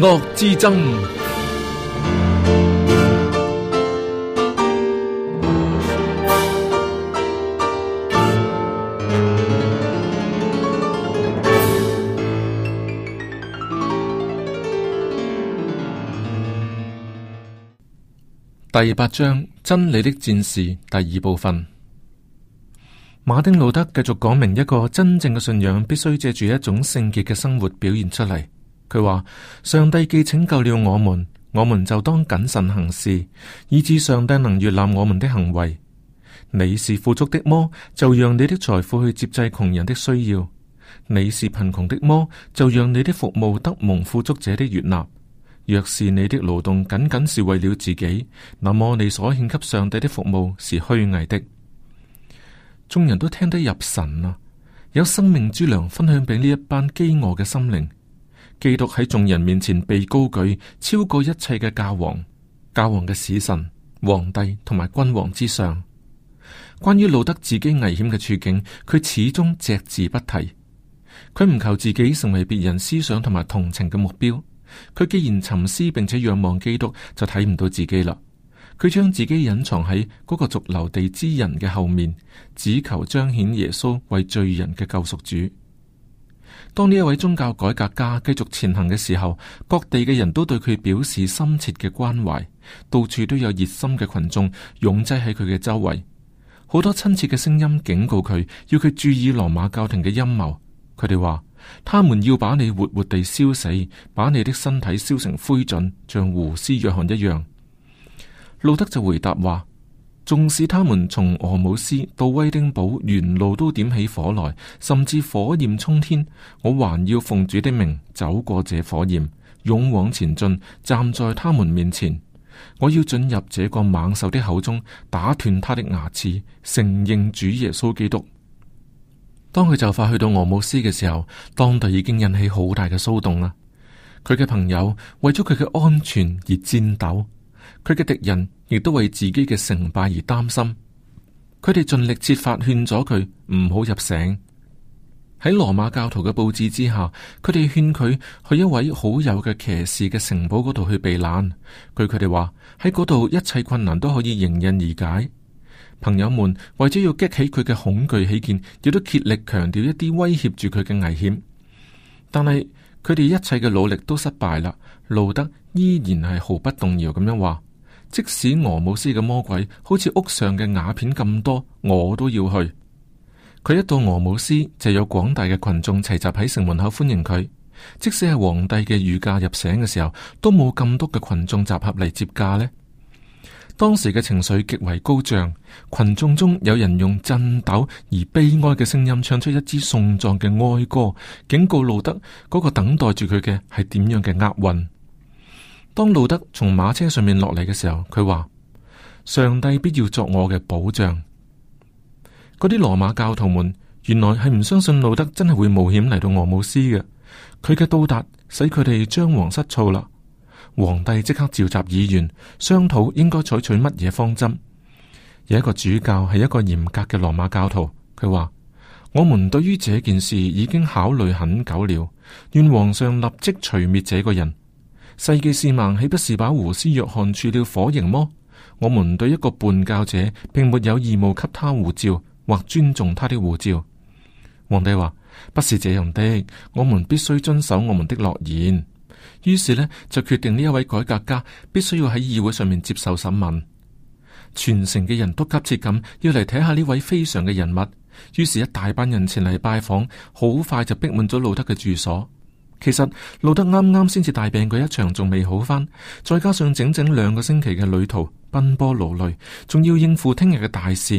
惡之爭。第八章，真理的戰士，第二部分。馬丁路德繼續講明，一個真正嘅信仰必須借住一種聖潔嘅生活表現出嚟。佢話：上帝既拯救了我們，我們就當謹慎行事，以致上帝能悦納我們的行為。你是富足的麼？就讓你的財富去接濟窮人的需要。你是貧窮的麼？就讓你的服務得蒙富足者的悦納。若是你的勞動僅僅是為了自己，那麼你所獻給上帝的服務是虛偽的。眾人都聽得入神啊！有生命之糧分享俾呢一班飢餓嘅心靈。基督喺眾人面前被高舉，超過一切嘅教皇、教皇嘅使臣、皇帝同埋君王之上。關於路德自己危險嘅處境，佢始終隻字不提。佢唔求自己成為別人思想同埋同情嘅目標。佢既然沉思並且仰望基督，就睇唔到自己啦。佢將自己隱藏喺嗰個逐流地之人嘅後面，只求彰顯耶穌為罪人嘅救贖主。當呢一位宗教改革家繼續前行嘅時候，各地嘅人都對佢表示深切嘅關懷，到處都有熱心嘅群眾擁擠喺佢嘅周圍，好多親切嘅聲音警告佢，要佢注意羅馬教廷嘅陰謀。佢哋話，他們要把你活活地燒死，把你的身體燒成灰燼，像胡斯約翰一樣。路德就回答話。縱使他們從俄姆斯到威丁堡，沿路都點起火來，甚至火焰衝天，我還要奉主的名走過這火焰，勇往前進，站在他們面前。我要進入這個猛獸的口中，打斷他的牙齒，承認主耶穌基督。當佢就快去到俄姆斯嘅時候，當地已經引起好大嘅騷動啦。佢嘅朋友為咗佢嘅安全而顫抖，佢嘅敵人，亦都為自己嘅成敗而擔心，佢哋盡力設法勸咗佢唔好入城。喺羅馬教徒嘅布置之下，佢哋勸佢去一位好友嘅騎士嘅城堡嗰度去避難。據佢哋話，喺嗰度一切困難都可以迎刃而解。朋友們為咗要激起佢嘅恐懼起見，亦都竭力強調一啲威脅住佢嘅危險。但係佢哋一切嘅努力都失敗啦。路德依然係毫不動搖咁樣話。即使俄姆斯嘅魔鬼好似屋上嘅瓦片咁多，我都要去。佢一到俄姆斯就有廣大嘅群眾齊集喺城門口歡迎佢。即使係皇帝嘅御駕入城嘅時候，都冇咁多嘅群眾集合嚟接駕咧。當時嘅情緒極為高漲，群眾中有人用震抖而悲哀嘅聲音唱出一支送葬嘅哀歌，警告路德嗰個等待住佢嘅係點樣嘅厄運。當路德從馬車上面落嚟嘅時候，佢話：上帝必要作我嘅保障。嗰啲羅馬教徒們原來係唔相信路德真係會冒險嚟到俄姆斯嘅。佢嘅到達使佢哋張皇失措啦。皇帝即刻召集議員商討應該採取乜嘢方針。有一個主教係一個嚴格嘅羅馬教徒，佢話：我們對於這件事已經考慮很久了，願皇上立即除滅這個人。世紀市民豈不是把胡斯約翰處了火刑麼？我們對一個叛教者並沒有義務給他護照或尊重他的護照。皇帝話：不是這樣的，我們必須遵守我們的諾言。於是呢，就決定呢一位改革家必須要喺議會上面接受審問。全城嘅人都急切咁要嚟睇下呢位非常嘅人物，於是，一大班人前嚟拜訪，好快就逼滿咗路德嘅住所。其實路德啱啱先至大病過一場，仲未好翻。再加上整整兩個星期嘅旅途奔波勞累，仲要應付聽日嘅大事，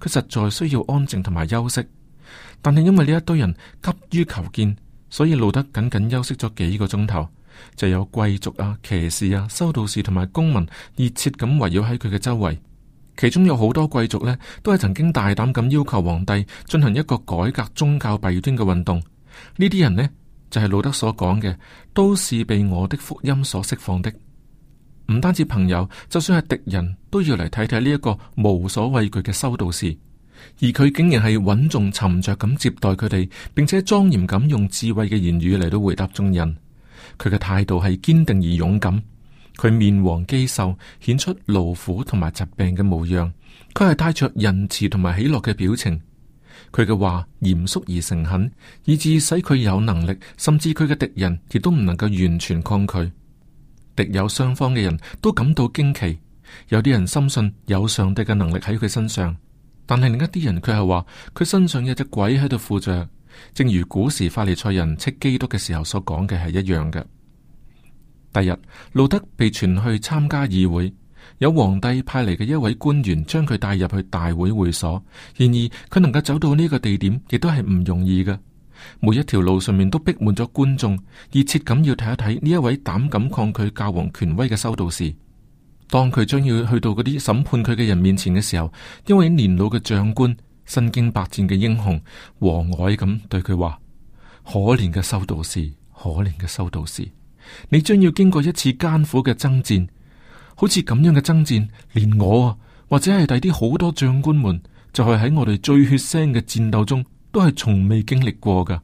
佢實在需要安靜同埋休息。但係因為呢一堆人急於求見，所以路德僅僅僅休息咗幾個鐘頭，就有貴族啊、騎士啊、修道士同埋公民熱切咁圍繞喺佢嘅周圍。其中有好多貴族呢，都係曾經大膽咁要求皇帝進行一個改革宗教弊端嘅運動。呢啲人呢。就係路德所講嘅，都是被我的福音所釋放的。唔單止朋友，就算係敵人，都要嚟睇睇呢一個無所畏懼嘅修道士。而佢竟然係穩重沉着咁接待佢哋，並且莊嚴咁用智慧嘅言語嚟到回答眾人。佢嘅態度係堅定而勇敢。佢面黃肌瘦，顯出勞苦同埋疾病嘅模樣。佢係帶着仁慈同埋喜樂嘅表情。佢嘅話嚴肅而誠懇，以致使佢有能力，甚至佢嘅敵人亦都唔能夠完全抗拒。敵友雙方嘅人都感到驚奇，有啲人深信有上帝嘅能力喺佢身上，但係另一啲人卻係話佢身上有隻鬼喺度附着，正如古時法利賽人斥基督嘅時候所講嘅係一樣嘅。第日路德被傳去參加議會。有皇帝派嚟嘅一位官員將佢帶入去大會會所。然而佢能夠走到呢個地點，亦都係唔容易嘅。每一條路上面都逼滿咗觀眾，熱切咁要睇一睇呢一位膽敢抗拒教皇權威嘅修道士。當佢將要去到嗰啲審判佢嘅人面前嘅時候，一位年老嘅將官、身經百戰嘅英雄，和藹咁對佢話，可憐嘅修道士，可憐嘅修道士，你將要經過一次艱苦嘅爭戰。好似咁樣嘅爭戰，連我啊，或者係第啲好多將官們，就係喺我哋最血腥嘅戰鬥中，都係從未經歷過噶。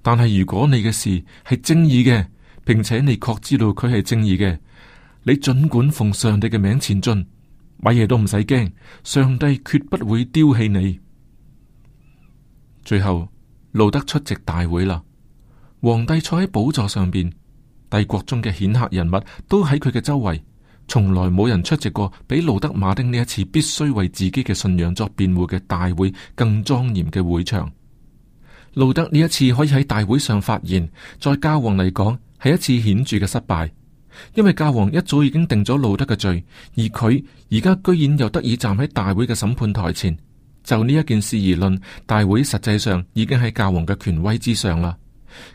但係如果你嘅事係正義嘅，並且你確知道佢係正義嘅，你盡管奉上帝嘅名前進，乜嘢都唔使驚，上帝決不會丟棄你。最後路德出席大會啦，皇帝坐喺寶座上邊，帝國中嘅顯赫人物都喺佢嘅周圍。從來冇人出席過比路德馬丁呢一次必須為自己嘅信仰作辯護嘅大會更莊嚴嘅會場。路德呢一次可以喺大會上發言，在教皇嚟講係一次顯著嘅失敗，因為教皇一早已經定咗路德嘅罪，而佢而家居然又得以站喺大會嘅審判台前。就呢一件事而論，大會實際上已經喺教皇嘅權威之上啦。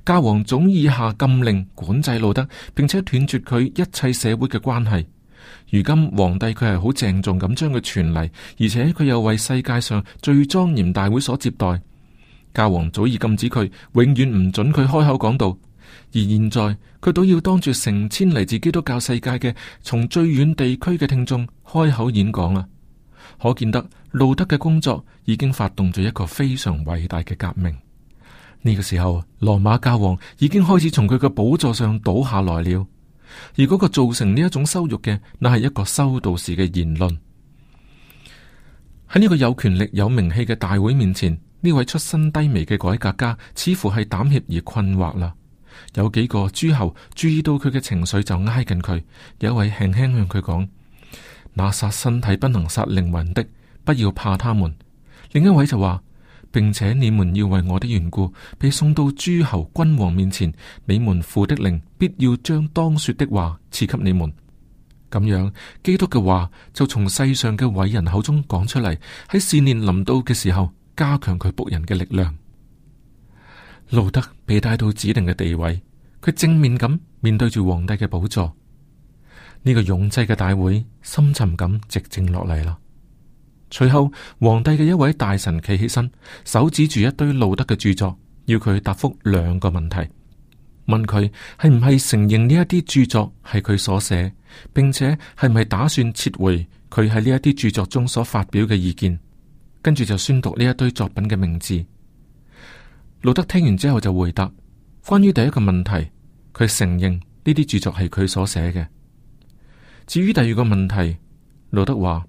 教皇早已下禁令管制路德，並且斷絕佢一切社會嘅關係。如今皇帝佢係好鄭重咁將佢傳嚟，而且佢又為世界上最莊嚴大會所接待。教皇早已禁止佢永遠唔准佢開口講道，而現在佢都要當住成千嚟自基督教世界嘅從最遠地區嘅聽眾開口演講啊，可見得路德嘅工作已經發動咗一個非常偉大嘅革命。呢個時候，羅馬教皇已經開始從佢嘅寶座上倒下來了。而嗰個造成呢一種羞辱嘅，那係一個修道士嘅言論。喺呢個有權力有名氣嘅大會面前，呢位出身低微嘅改革家，似乎係膽怯而困惑啦。有幾個諸侯注意到佢嘅情緒，就挨近佢。有一位輕輕向佢講：那殺身體不能殺靈魂的，不要怕他們。另一位就話。並且你們要為我的緣故被送到諸侯君王面前，你們父的靈必要將當說的話賜給你們。咁樣，基督嘅話就從世上嘅偉人口中講出嚟，喺試煉臨到嘅時候加強佢僕人嘅力量。路德被帶到指定嘅地位，佢正面咁面對住皇帝嘅寶座，呢、這個擁擠嘅大會深沉咁寂靜落嚟啦。隨後，皇帝嘅一位大臣企起身，手指住一堆路德嘅著作，要佢答覆兩個問題：問佢係唔係承認呢一啲著作係佢所寫，並且係唔係打算撤回佢喺呢一啲著作中所發表嘅意見。跟住就宣讀呢一堆作品嘅名字。路德聽完之後就回答，關於第一個問題，佢承認呢啲著作係佢所寫嘅。至於第二個問題，路德話。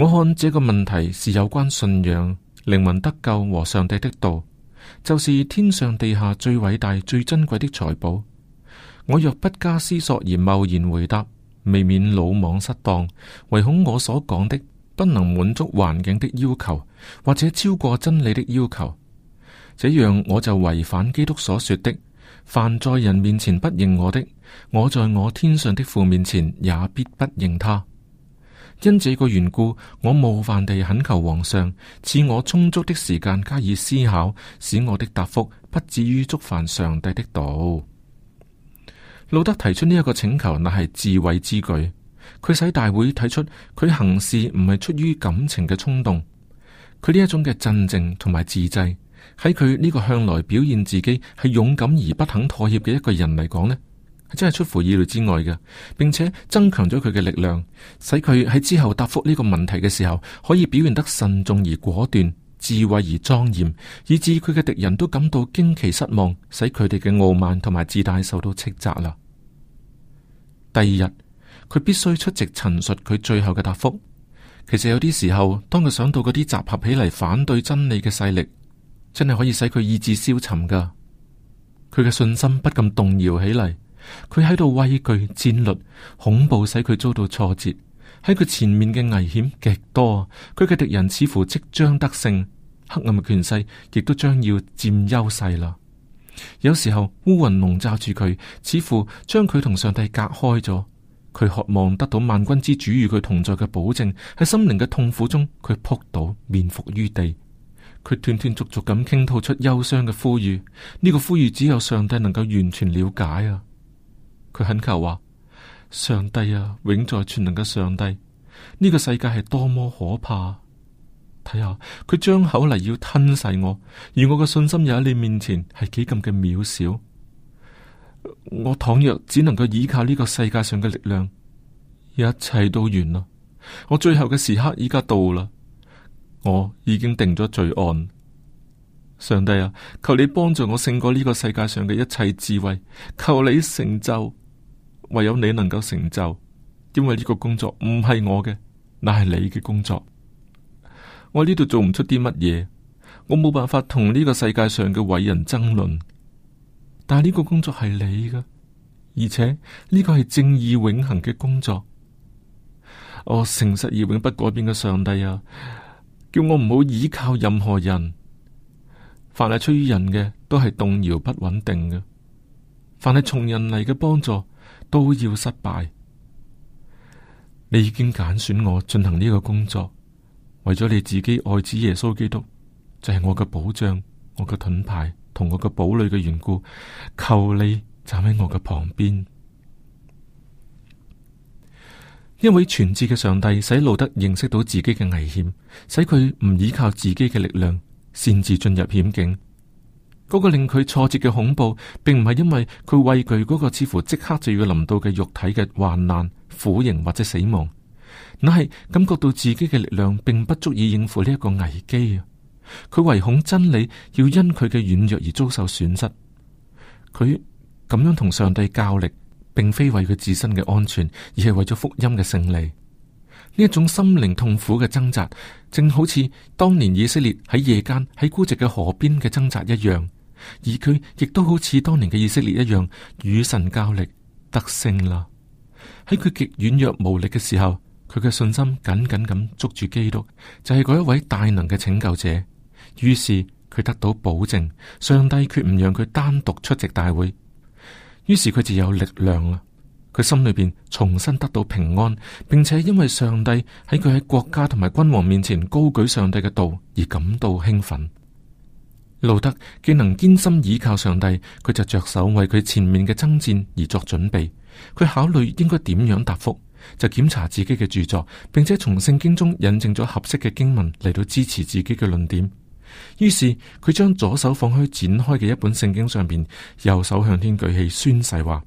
我看這個問題是有關信仰、靈魂得救和上帝的道，就是天上地下最偉大、最珍貴的財寶。我若不加思索而貿然回答，未免魯莽失當，唯恐我所講的不能滿足環境的要求，或者超過真理的要求。這樣我就違反基督所說的：凡在人面前不認我的，我在我天上的父面前也必不認他。因這個緣故，我冒犯地懇求皇上賜我充足的時間加以思考，使我的答復不至於觸犯上帝的道。路德提出呢一個請求，乃係智慧之舉，佢使大會睇出佢行事唔係出於感情嘅衝動。佢呢一種嘅鎮靜同埋自制，喺佢呢個向來表現自己係勇敢而不肯妥協嘅一個人嚟講呢，真係出乎意料之外嘅，並且增強咗佢嘅力量，使佢喺之後答覆呢個問題嘅時候，可以表現得慎重而果斷、智慧而莊嚴，以至佢嘅敵人都感到驚奇失望，使佢哋嘅傲慢同埋自大受到斥責啦。第二日，佢必須出席陳述佢最後嘅答覆。其實有啲時候，當佢想到嗰啲集合起嚟反對真理嘅勢力，真係可以使佢意志消沉噶。佢嘅信心不禁動搖起嚟。佢喺度畏懼戰略，恐怖使佢遭到挫折。喺佢前面嘅危險極多，佢嘅敵人似乎即將得勝，黑暗嘅權勢亦都將要佔優勢啦。有時候烏雲籠罩住佢，似乎將佢同上帝隔開咗。佢渴望得到萬軍之主與佢同在嘅保證。喺心靈嘅痛苦中，佢撲倒，面伏於地。佢斷斷續續咁傾吐出憂傷嘅呼籲。呢個呼籲只有上帝能夠完全了解啊！佢懇求話：上帝啊，永在全能嘅上帝，呢、這個世界係多麼可怕、啊！睇下佢張口嚟要吞噬我，而我嘅信心又喺你面前係幾咁嘅渺小我。我倘若只能夠依靠呢個世界上嘅力量，一切都完啦！我最後嘅時刻依家到啦，我已經定咗罪案。上帝啊，求你幫助我勝過呢個世界上嘅一切智慧，求你成就。唯有你能夠成就，因為呢個工作唔係我嘅，那係你嘅工作。我呢度做唔出啲乜嘢，我冇辦法同呢個世界上嘅偉人爭論。但係呢個工作係你嘅，而且呢、這個係正義永恆嘅工作。我、哦、誠實而永不改變嘅上帝啊，叫我唔好依靠任何人。凡係出於人嘅，都係動搖不穩定嘅；凡係從人嚟嘅幫助都要失敗，你已經揀選我進行呢個工作，為咗你自己愛子耶穌基督，就係、是、我嘅保障，我嘅盾牌同我嘅堡壘嘅緣故，求你站喺我嘅旁邊。因為全智嘅上帝使路德認識到自己嘅危險，使佢唔依靠自己嘅力量，擅自進入險境。嗰個令佢挫折嘅恐怖，並唔係因為佢畏懼嗰個似乎即刻就要臨到嘅肉體嘅患難、苦刑或者死亡，乃係感覺到自己嘅力量並不足以應付呢一個危機啊！佢唯恐真理要因佢嘅軟弱而遭受損失，佢咁樣同上帝較力，並非為佢自身嘅安全，而係為咗福音嘅勝利。呢一種心靈痛苦嘅掙扎，正好似當年以色列喺夜間喺孤寂嘅河邊嘅掙扎一樣。而佢亦都好似當年嘅以色列一樣與神交力得勝啦。喺佢極軟弱無力嘅時候，佢嘅信心緊緊咁捉住基督，就係嗰一位大能嘅拯救者。於是佢得到保證，上帝決唔讓佢單獨出席大會。於是佢就有力量啦。佢心裏邊重新得到平安，並且因為上帝喺佢喺國家同埋君王面前高舉上帝嘅道而感到興奮。路德既能堅心倚靠上帝，佢就着手為佢前面嘅爭戰而作準備。佢考慮應該點樣答覆，就檢查自己嘅著作，並且從聖經中引證咗合適嘅經文嚟到支持自己嘅論點。於是佢將左手放開展開嘅一本聖經上面，右手向天舉起宣誓話：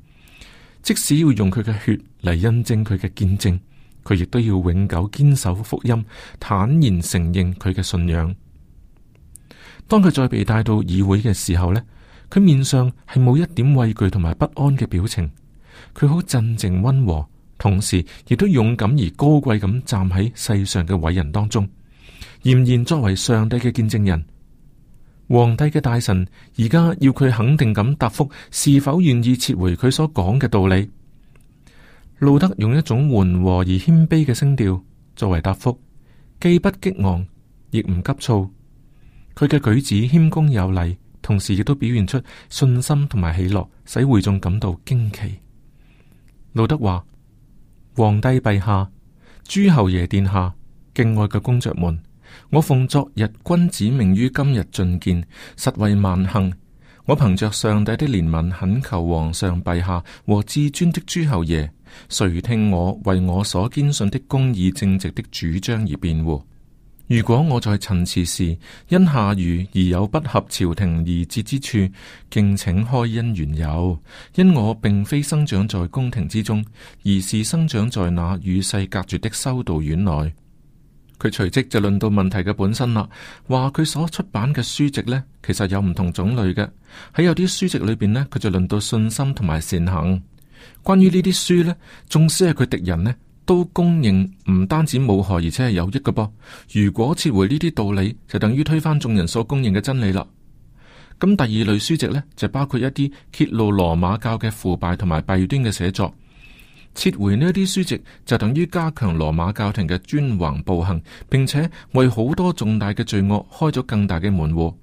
即使要用佢嘅血嚟印證佢嘅見證，佢亦都要永久堅守福音，坦然承認佢嘅信仰。當佢再被帶到議會嘅時候呢，佢面上係冇一點畏懼同埋不安嘅表情，佢好鎮靜溫和，同時亦都勇敢而高貴咁站喺世上嘅偉人當中，儼然作為上帝嘅見證人，皇帝嘅大臣而家要佢肯定咁答復是否願意撤回佢所講嘅道理。路德用一種緩和而謙卑嘅聲調作為答復，既不激昂，亦唔急躁。佢嘅舉止謙恭有禮，同時亦都表現出信心同埋喜樂，使會眾感到驚奇。路德話：皇帝陛下、諸侯爺殿下、敬愛嘅公爵們，我奉昨日君子命於今日進見，實為萬幸。我憑着上帝的憐憫，懇求皇上陛下和至尊的諸侯爺，誰聽我為我所堅信的公義正直的主張而辯護？如果我在陳詞時因下雨而有不合朝廷儀節之處敬請開恩原宥。因我並非生長在宮廷之中，而是生長在那與世隔絕的修道院內。佢隨即就論到問題嘅本身啦，話佢所出版嘅書籍呢，其實有唔同種類嘅。喺有啲書籍裏邊呢，佢就論到信心同埋善行。關於呢啲書呢，縱使係佢敵人呢。都公認唔單止冇害，而且係有益㗎噃。如果撤回呢啲道理，就等於推翻眾人所公認嘅真理啦。咁第二類書籍呢，就包括一啲揭露羅馬教嘅腐敗同埋弊端嘅寫作。撤回呢一啲書籍，就等於加強羅馬教廷嘅專橫暴行，並且為好多重大嘅罪惡開咗更大嘅門戶。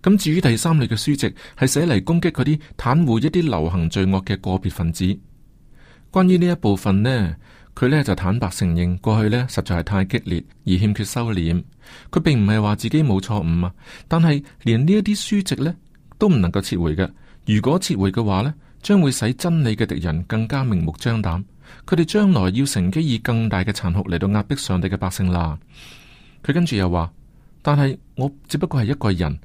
咁至於第三類嘅書籍，係寫嚟攻擊嗰啲袒護一啲流行罪惡嘅個別分子。關於呢一部分呢。佢呢就坦白承認過去呢實在係太激烈而欠缺收斂。佢並唔係話自己冇錯誤啊，但係連呢一啲書籍呢都唔能夠撤回嘅。如果撤回嘅話呢，將會使真理嘅敵人更加明目張膽。佢哋將來要乘機以更大嘅殘酷嚟到壓迫上帝嘅百姓啦。佢跟住又話：「但係我只不過係一個人，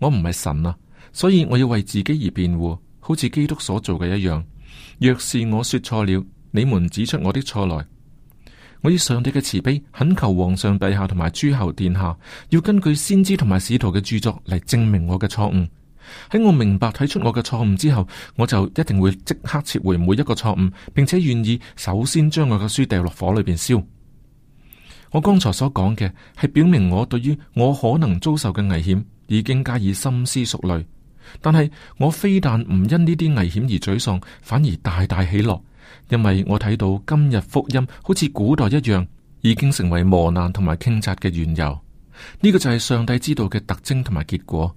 我唔係神啊，所以我要為自己而辯護，好似基督所做嘅一樣。若是我說錯了。你們指出我的錯來，我以上帝嘅慈悲懇求皇上陛下同埋諸侯殿下，要根據先知同埋使徒嘅著作嚟證明我嘅錯誤。喺我明白睇出我嘅錯誤之後，我就一定會即刻撤回每一個錯誤，並且願意首先將我嘅書掉落火裏邊燒。我剛才所講嘅係表明我對於我可能遭受嘅危險已經加以深思熟慮，但係我非但唔因呢啲危險而沮喪，反而大大喜樂。因為我睇到今日福音好似古代一樣，已經成為磨難同埋傾軋嘅緣由。呢、這個就係上帝之道嘅特徵同埋結果。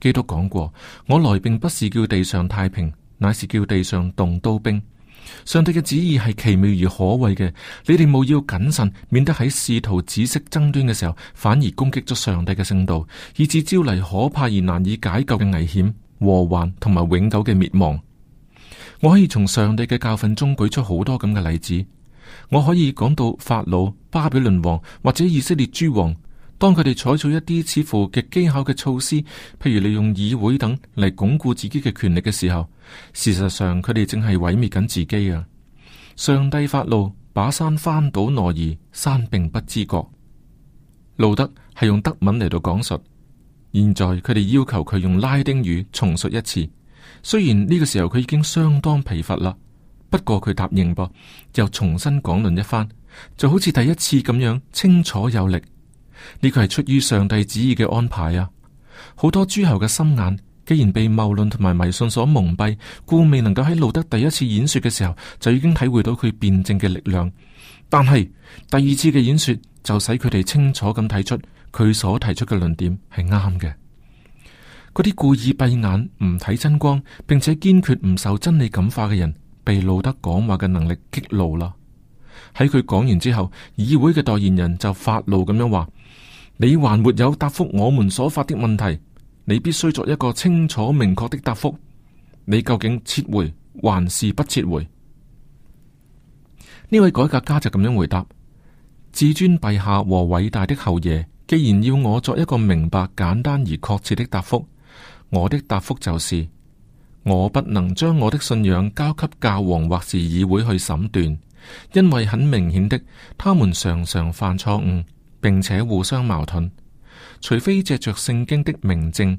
基督講過：我來並不是叫地上太平，乃是叫地上動刀兵。上帝嘅旨意係奇妙而可畏嘅。你哋務要謹慎，免得喺試圖止息爭端嘅時候，反而攻擊咗上帝嘅聖道，以致招嚟可怕而難以解救嘅危險、禍患同埋永久嘅滅亡。我可以從上帝嘅教訓中舉出好多咁嘅例子。我可以講到法老、巴比倫王或者以色列諸王，當佢哋採取一啲似乎極機巧嘅措施，譬如利用議會等嚟鞏固自己嘅權力嘅時候，事實上佢哋正係毀滅緊自己啊！上帝發怒，把山翻倒挪移，山並不知覺。路德係用德文嚟到講述，現在佢哋要求佢用拉丁語重述一次。雖然呢個時候佢已經相當疲乏啦，不過佢答應噃，又重新講論一番，就好似第一次咁樣清楚有力。呢個係出於上帝旨意嘅安排啊！好多諸侯嘅心眼，既然被謬論同埋迷信所蒙蔽，故未能夠喺路德第一次演說嘅時候就已經體會到佢辯證嘅力量，但係第二次嘅演說就使佢哋清楚咁睇出佢所提出嘅論點係啱嘅。嗰啲故意閉眼唔睇真光，並且堅決唔受真理感化嘅人，被路德講話嘅能力激怒啦！喺佢講完之後，議會嘅代言人就發怒咁樣話：你還沒有答復我們所發的問題，你必須作一個清楚明確的答復，你究竟撤回還是不撤回？呢位改革家就咁樣回答：至尊陛下和偉大的侯爺，既然要我作一個明白、簡單而確切的答復。我的答復就是，我不能將我的信仰交給教皇或是議會去審斷，因為很明顯的，他們常常犯錯誤，並且互相矛盾。除非借着聖經的明證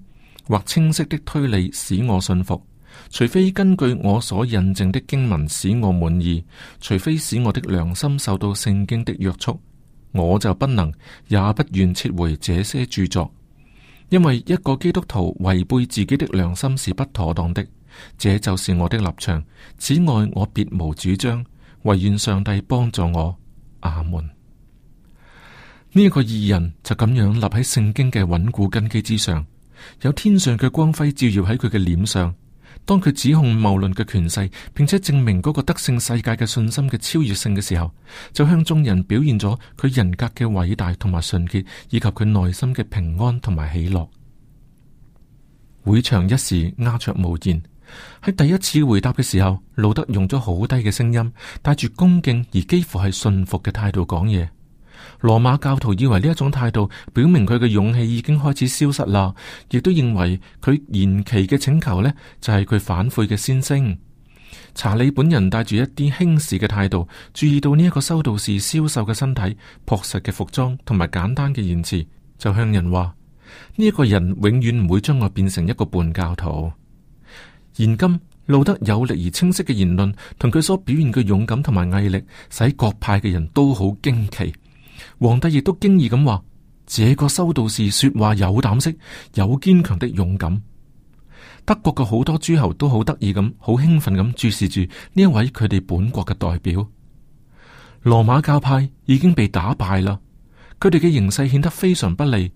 或清晰的推理使我信服，除非根據我所印證的經文使我滿意，除非使我的良心受到聖經的約束，我就不能也不願撤回這些著作。因為一個基督徒違背自己的良心是不妥當的，這就是我的立場。此外我別無主張，唯願上帝幫助我。阿門。呢、這、一個義人就咁樣立喺聖經嘅穩固根基之上，有天上嘅光輝照耀喺佢嘅臉上。當佢指控謬論嘅權勢，並且證明嗰個德性世界嘅信心嘅超越性嘅時候，就向眾人表現咗佢人格嘅偉大同埋純潔，以及佢內心嘅平安同埋喜樂。會場一時鴉雀無言，喺第一次回答嘅時候，路德用咗好低嘅聲音，帶住恭敬而幾乎係信服嘅態度講嘢。羅馬教徒以為呢一種態度，表明佢嘅勇氣已經開始消失啦，亦都認為佢延期嘅請求呢，就係、是、佢反悔嘅先聲。查理本人帶住一啲輕視嘅態度，注意到呢一個修道士消瘦嘅身體、樸實嘅服裝同埋簡單嘅言辭，就向人話：呢一、這個人永遠唔會將我變成一個叛教徒。現今，路德有力而清晰嘅言論，同佢所表現嘅勇敢同埋毅力，使各派嘅人都好驚奇。皇帝亦都驚異咁話：這個修道士說話有膽色，有堅強的勇敢。德國嘅好多諸侯都好得意咁，好興奮咁注視住呢一位佢哋本國嘅代表。羅馬教派已經被打敗啦，佢哋嘅形勢顯得非常不利。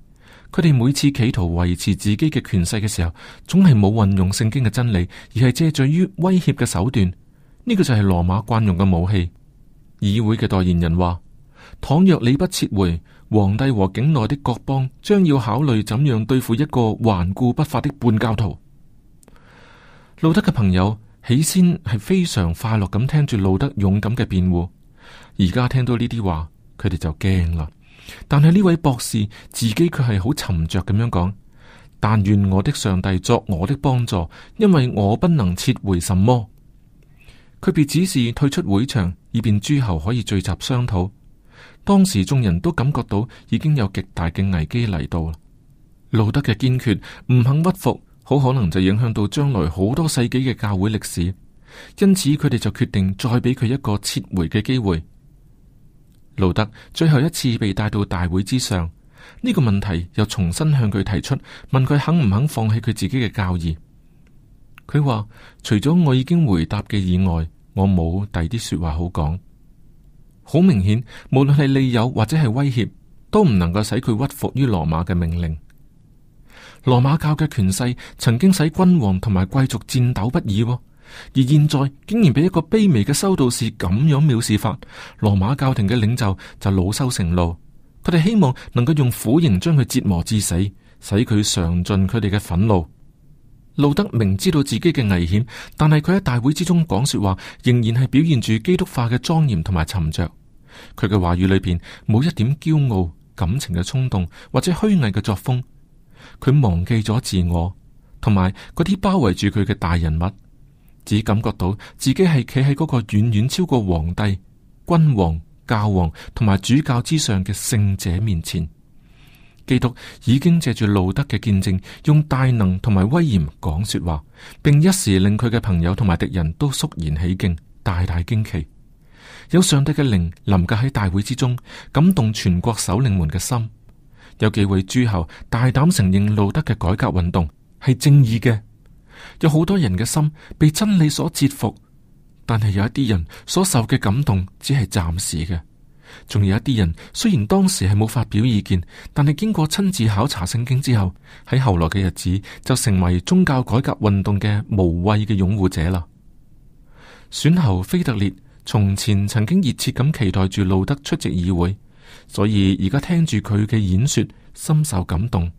佢哋每次企圖維持自己嘅權勢嘅時候，總係冇運用聖經嘅真理，而係借助於威脅嘅手段。呢個就係羅馬慣用嘅武器。議會嘅代言人話。倘若你不撤回，皇帝和境內的各邦將要考慮怎樣對付一個頑固不法的半教徒。路德嘅朋友起先係非常快樂咁聽住路德勇敢嘅辯護，而家聽到呢啲話，佢哋就驚啦。但係呢位博士自己卻係好沉着咁樣講：但願我的上帝作我的幫助，因為我不能撤回什麼。佢被指示退出會場，以便諸侯可以聚集商討。當時眾人都感覺到已經有極大嘅危機嚟到啦。路德嘅堅決唔肯屈服，好可能就影響到將來好多世紀嘅教會歷史。因此佢哋就決定再俾佢一個撤回嘅機會。路德最後一次被帶到大會之上，呢、這個問題又重新向佢提出，問佢肯唔肯放棄佢自己嘅教義。佢話：除咗我已經回答嘅以外，我冇第啲說話好講。好明顯，無論係利誘或者係威脅，都唔能夠使佢屈服於羅馬嘅命令。羅馬教嘅權勢曾經使君王同埋貴族戰鬥不已，哦，而現在竟然俾一個卑微嘅修道士咁樣藐視法，羅馬教廷嘅領袖就惱羞成怒。佢哋希望能夠用苦刑將佢折磨至死，使佢嘗盡佢哋嘅憤怒。路德明知道自己嘅危險，但係佢喺大會之中講說話，仍然係表現住基督化嘅莊嚴同埋沉着。佢嘅話語裏邊冇一點驕傲、感情嘅衝動或者虛偽嘅作風。佢忘記咗自我，同埋嗰啲包圍住佢嘅大人物，只感覺到自己係企喺嗰個遠遠超過皇帝、君王、教皇同埋主教之上嘅聖者面前。基督已經借住路德嘅見證，用大能同埋威嚴講說話，並一時令佢嘅朋友同埋敵人都肅然起敬，大大驚奇。有上帝嘅靈臨格喺大會之中，感動全國首領們嘅心。有幾位諸侯大膽承認路德嘅改革運動係正義嘅。有好多人嘅心被真理所折服，但係有一啲人所受嘅感動只係暫時嘅。仲有一啲人雖然當時係冇發表意見，但係經過親自考察聖經之後，喺後來嘅日子就成為宗教改革運動嘅無畏嘅擁護者啦。選侯菲特烈。從前曾經熱切咁期待住路德出席議會，所以而家聽住佢嘅演說，深受感動。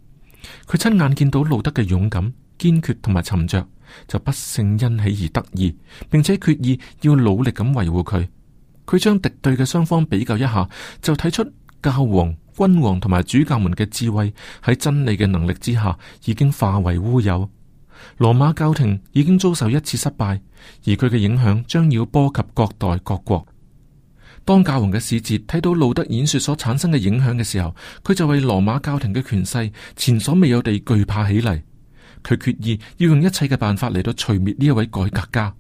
佢親眼見到路德嘅勇敢、堅決同埋沉着，就不勝欣喜而得意，並且決意要努力咁維護佢。佢將敵對嘅雙方比較一下，就睇出教皇、君王同埋主教們嘅智慧喺真理嘅能力之下，已經化為烏有。羅馬教廷已經遭受一次失敗，而佢嘅影響將要波及各代各國。當教皇嘅使節睇到路德演說所產生嘅影響嘅時候，佢就為羅馬教廷嘅權勢前所未有地懼怕起嚟。佢決意要用一切嘅辦法嚟到除滅呢一位改革家。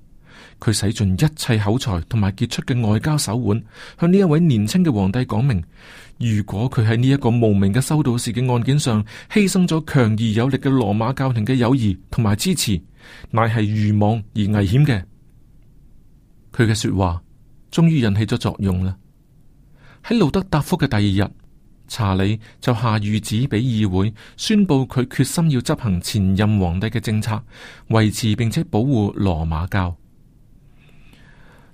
佢使盡一切口才同埋傑出嘅外交手腕，向呢一位年輕嘅皇帝講明。如果佢喺呢一個無名嘅修道士嘅案件上犧牲咗強而有力嘅羅馬教廷嘅友誼同埋支持，乃係愚妄而危險嘅。佢嘅說話終於引起咗作用啦。喺路德答复嘅第二日，查理就下諭旨俾議會，宣布佢決心要執行前任皇帝嘅政策，維持並且保護羅馬教。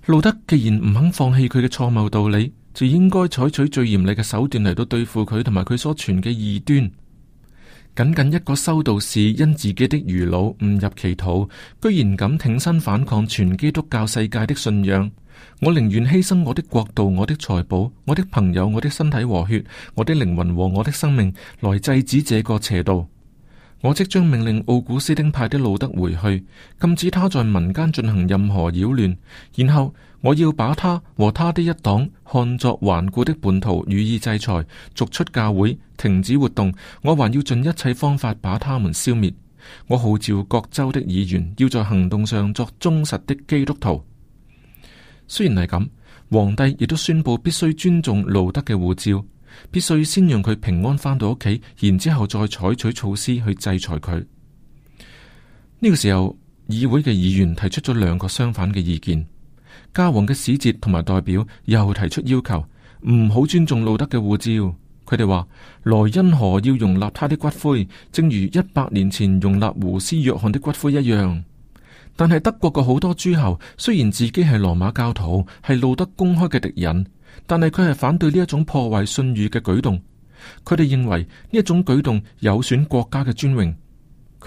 路德既然唔肯放棄佢嘅錯謬道理。就應該採取最嚴厲嘅手段嚟到對付佢同埋佢所存嘅異端。僅僅一個修道士因自己的愚魯誤入歧途，居然敢挺身反抗全基督教世界的信仰。我寧願犧牲我的國度、我的財寶、我的朋友、我的身體和血、我的靈魂和我的生命，來制止這個邪道。我即將命令奧古斯丁派的路德回去，禁止他在民間進行任何擾亂，然後。我要把他和他的一黨看作頑固的叛徒，予以制裁，逐出教會，停止活動。我還要盡一切方法把他們消滅。我號召各州的議員要在行動上作忠實的基督徒。雖然係咁，皇帝亦都宣布必須尊重路德嘅護照，必須先讓佢平安翻到屋企，然之後再採取措施去制裁佢。呢、這個時候，議會嘅議員提出咗兩個相反嘅意見。教皇嘅使節同埋代表又提出要求，唔好尊重路德嘅護照。佢哋話，萊茵河要容納他的骨灰，正如一百年前容納胡斯約翰的骨灰一樣。但係德國嘅好多諸侯，雖然自己係羅馬教徒，係路德公開嘅敵人，但係佢係反對呢一種破壞信譽嘅舉動。佢哋認為呢一種舉動有損國家嘅尊榮。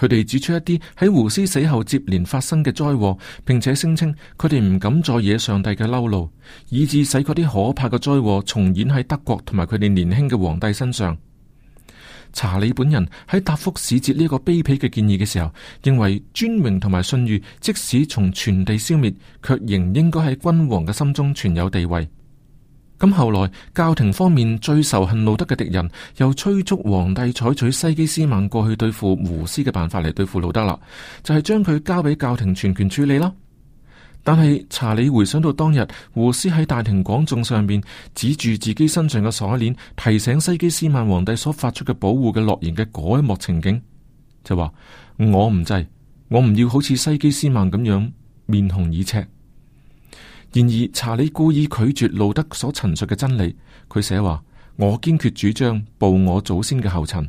佢哋指出一啲喺胡斯死後接連發生嘅災禍，並且聲稱佢哋唔敢再惹上帝嘅嬲怒，以致使嗰啲可怕嘅災禍重演喺德國同埋佢哋年輕嘅皇帝身上。查理本人喺答復使節呢個卑鄙嘅建議嘅時候，認為尊榮同埋信譽即使從全地消滅，卻仍應該喺君王嘅心中存有地位。咁後來，教廷方面最仇恨路德嘅敵人，又催促皇帝採取西基斯曼過去對付胡斯嘅辦法嚟對付路德啦，就係將佢交俾教廷全權處理啦。但係查理回想到當日胡斯喺大庭廣眾上面指住自己身上嘅鎖鏈，提醒西基斯曼皇帝所發出嘅保護嘅諾言嘅嗰一幕情景，就話我唔制，我唔要好似西基斯曼咁樣面紅耳赤。然而查理故意拒絕路德所陳述嘅真理，佢寫話：我堅決主張步我祖先嘅後塵。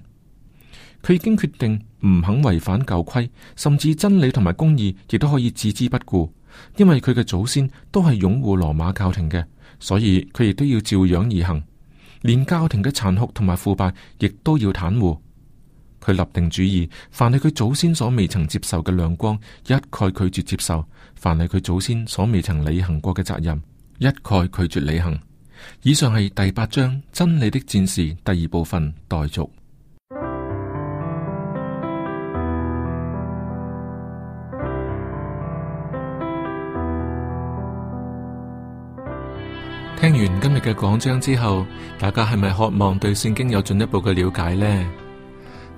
佢已經決定唔肯違反舊規，甚至真理同埋公義亦都可以置之不顧，因為佢嘅祖先都係擁護羅馬教廷嘅，所以佢亦都要照樣而行，連教廷嘅殘酷同埋腐敗亦都要袒護。佢立定主意，凡係佢祖先所未曾接受嘅亮光，一概拒絕接受；凡係佢祖先所未曾履行過嘅責任，一概拒絕履行。以上係第八章真理的戰士第二部分，待續。聽完今日嘅講章之後，大家係咪渴望對聖經有進一步嘅了解呢？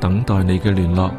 等待你嘅聯絡。